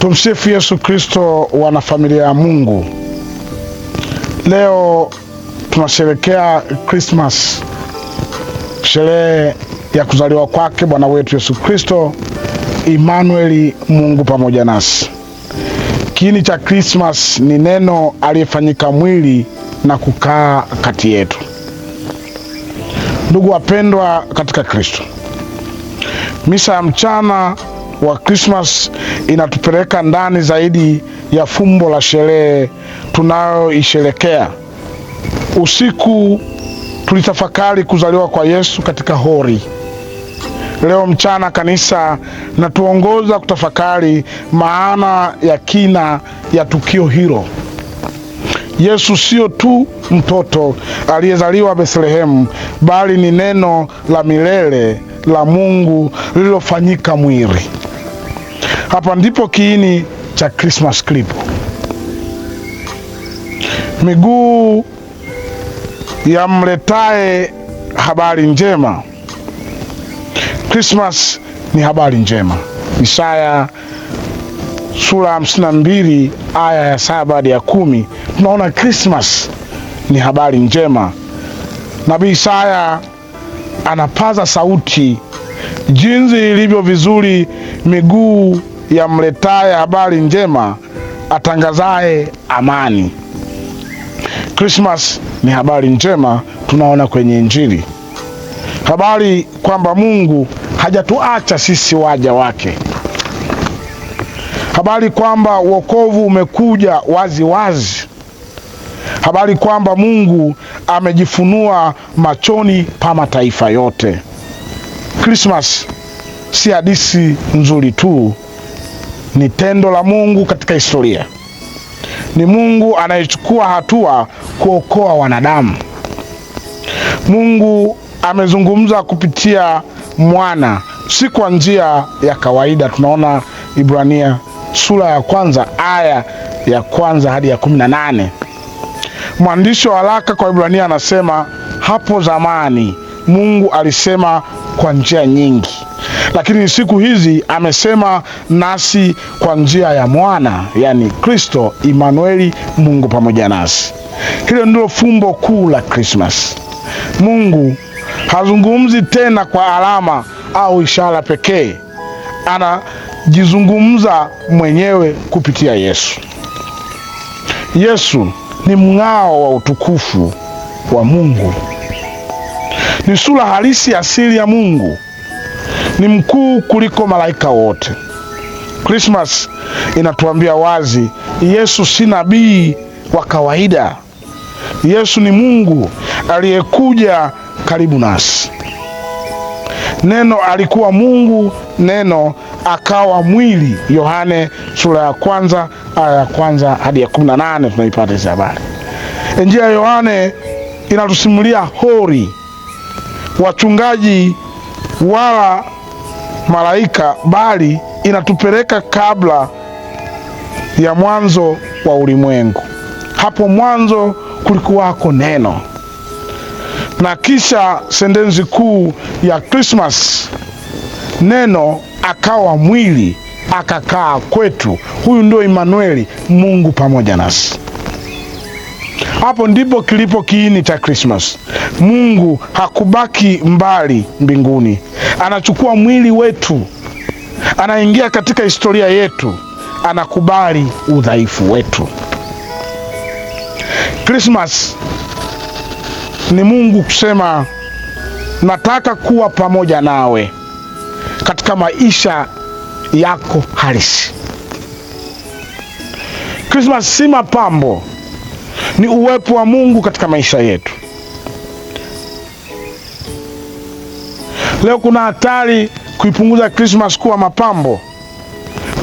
Tumsifu Yesu Kristo, wanafamilia ya Mungu. Leo tunasherekea Krismas, sherehe ya kuzaliwa kwake Bwana wetu Yesu Kristo, Imanueli, Mungu pamoja nasi. Kiini cha Krismas ni neno aliyefanyika mwili na kukaa kati yetu. Ndugu wapendwa katika Kristo, misa ya mchana wa Krismas inatupeleka ndani zaidi ya fumbo la sherehe tunayoisherekea. Usiku tulitafakari kuzaliwa kwa Yesu katika hori. Leo mchana kanisa natuongoza kutafakari maana ya kina ya tukio hilo. Yesu sio tu mtoto aliyezaliwa Bethlehemu, bali ni neno la milele la Mungu lililofanyika mwili. Hapa ndipo kiini cha Christmas clip. Miguu ya mletae habari njema. Christmas ni habari njema. Isaya sura 52 aya ya saba hadi ya kumi tunaona Christmas ni habari njema. Nabii Isaya anapaza sauti, jinsi ilivyo vizuri miguu yamletaye habari njema, atangazaye amani. Krismas ni habari njema, tunaona kwenye Injili habari kwamba Mungu hajatuacha sisi waja wake, habari kwamba wokovu umekuja wazi wazi, habari kwamba Mungu amejifunua machoni pa mataifa yote. Krismas si hadisi nzuri tu, ni tendo la Mungu katika historia. Ni Mungu anayechukua hatua kuokoa wanadamu. Mungu amezungumza kupitia mwana, si kwa njia ya kawaida. Tunaona Ibrania sura ya kwanza aya ya kwanza hadi ya kumi na nane. Mwandishi wa waraka kwa Ibrania anasema hapo zamani Mungu alisema kwa njia nyingi lakini siku hizi amesema nasi kwa njia ya mwana, yani Kristo Imanueli, Mungu pamoja nasi. Hilo ndilo fumbo kuu la Krismasi. Mungu hazungumzi tena kwa alama au ishara pekee, anajizungumza mwenyewe kupitia Yesu. Yesu ni mng'ao wa utukufu wa Mungu, ni sura halisi asili ya Mungu ni mkuu kuliko malaika wote. Krismas inatuambia wazi, Yesu si nabii wa kawaida. Yesu ni Mungu aliyekuja karibu nasi. Neno alikuwa Mungu, neno akawa mwili. Yohane sura ya kwanza aya ya kwanza hadi ya kumi na nane tunaipata hizi habari. Injili ya Yohane inatusimulia hori wachungaji wala malaika, bali inatupeleka kabla ya mwanzo wa ulimwengu. Hapo mwanzo kulikuwako neno, na kisha sentensi kuu ya Christmas, neno akawa mwili akakaa kwetu. Huyu ndio emanueli Mungu pamoja nasi. Hapo ndipo kilipo kiini cha Krismas. Mungu hakubaki mbali mbinguni, anachukua mwili wetu, anaingia katika historia yetu, anakubali udhaifu wetu. Krismas ni Mungu kusema nataka kuwa pamoja nawe katika maisha yako halisi. Krismas si mapambo ni uwepo wa Mungu katika maisha yetu. Leo kuna hatari kuipunguza Krismasi kuwa mapambo,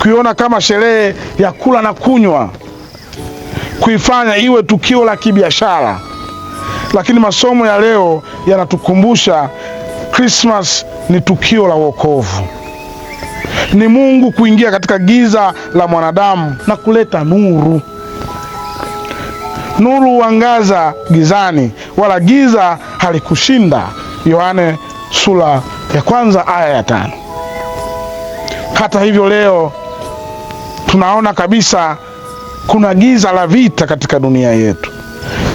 kuiona kama sherehe ya kula na kunywa, kuifanya iwe tukio la kibiashara. Lakini masomo ya leo yanatukumbusha Krismasi ni tukio la wokovu, ni Mungu kuingia katika giza la mwanadamu na kuleta nuru nuru huangaza gizani, wala giza halikushinda. Yohane sura ya kwanza aya ya tano. Hata hivyo leo tunaona kabisa kuna giza la vita katika dunia yetu,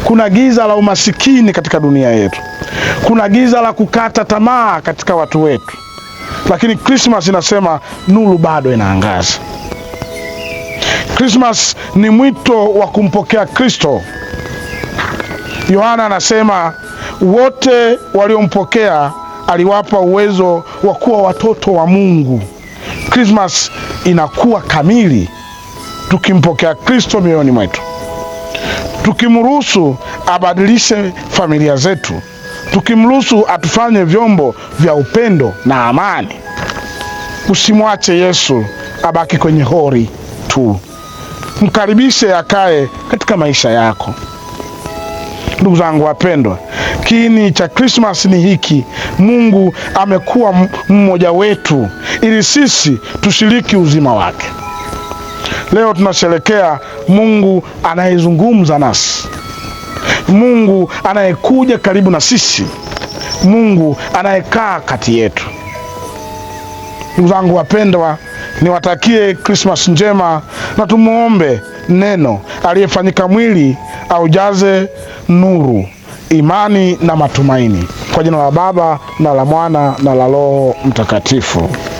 kuna giza la umasikini katika dunia yetu, kuna giza la kukata tamaa katika watu wetu, lakini Krismasi inasema nuru bado inaangaza. Krismas ni mwito wa kumpokea Kristo. Yohana anasema wote waliompokea aliwapa uwezo wa kuwa watoto wa Mungu. Krismas inakuwa kamili tukimpokea Kristo mioyoni mwetu, tukimruhusu abadilishe familia zetu, tukimruhusu atufanye vyombo vya upendo na amani. Usimwache Yesu abaki kwenye hori tu mkaribishe akae katika maisha yako. Ndugu zangu wapendwa, kiini cha Krismasi ni hiki: Mungu amekuwa mmoja wetu ili sisi tushiriki uzima wake. Leo tunasherekea Mungu anayezungumza nasi, Mungu anayekuja karibu na sisi, Mungu anayekaa kati yetu. Ndugu zangu wapendwa niwatakie Krismas njema na tumuombe neno aliyefanyika mwili aujaze nuru, imani na matumaini. Kwa jina la Baba na la Mwana na la Roho Mtakatifu.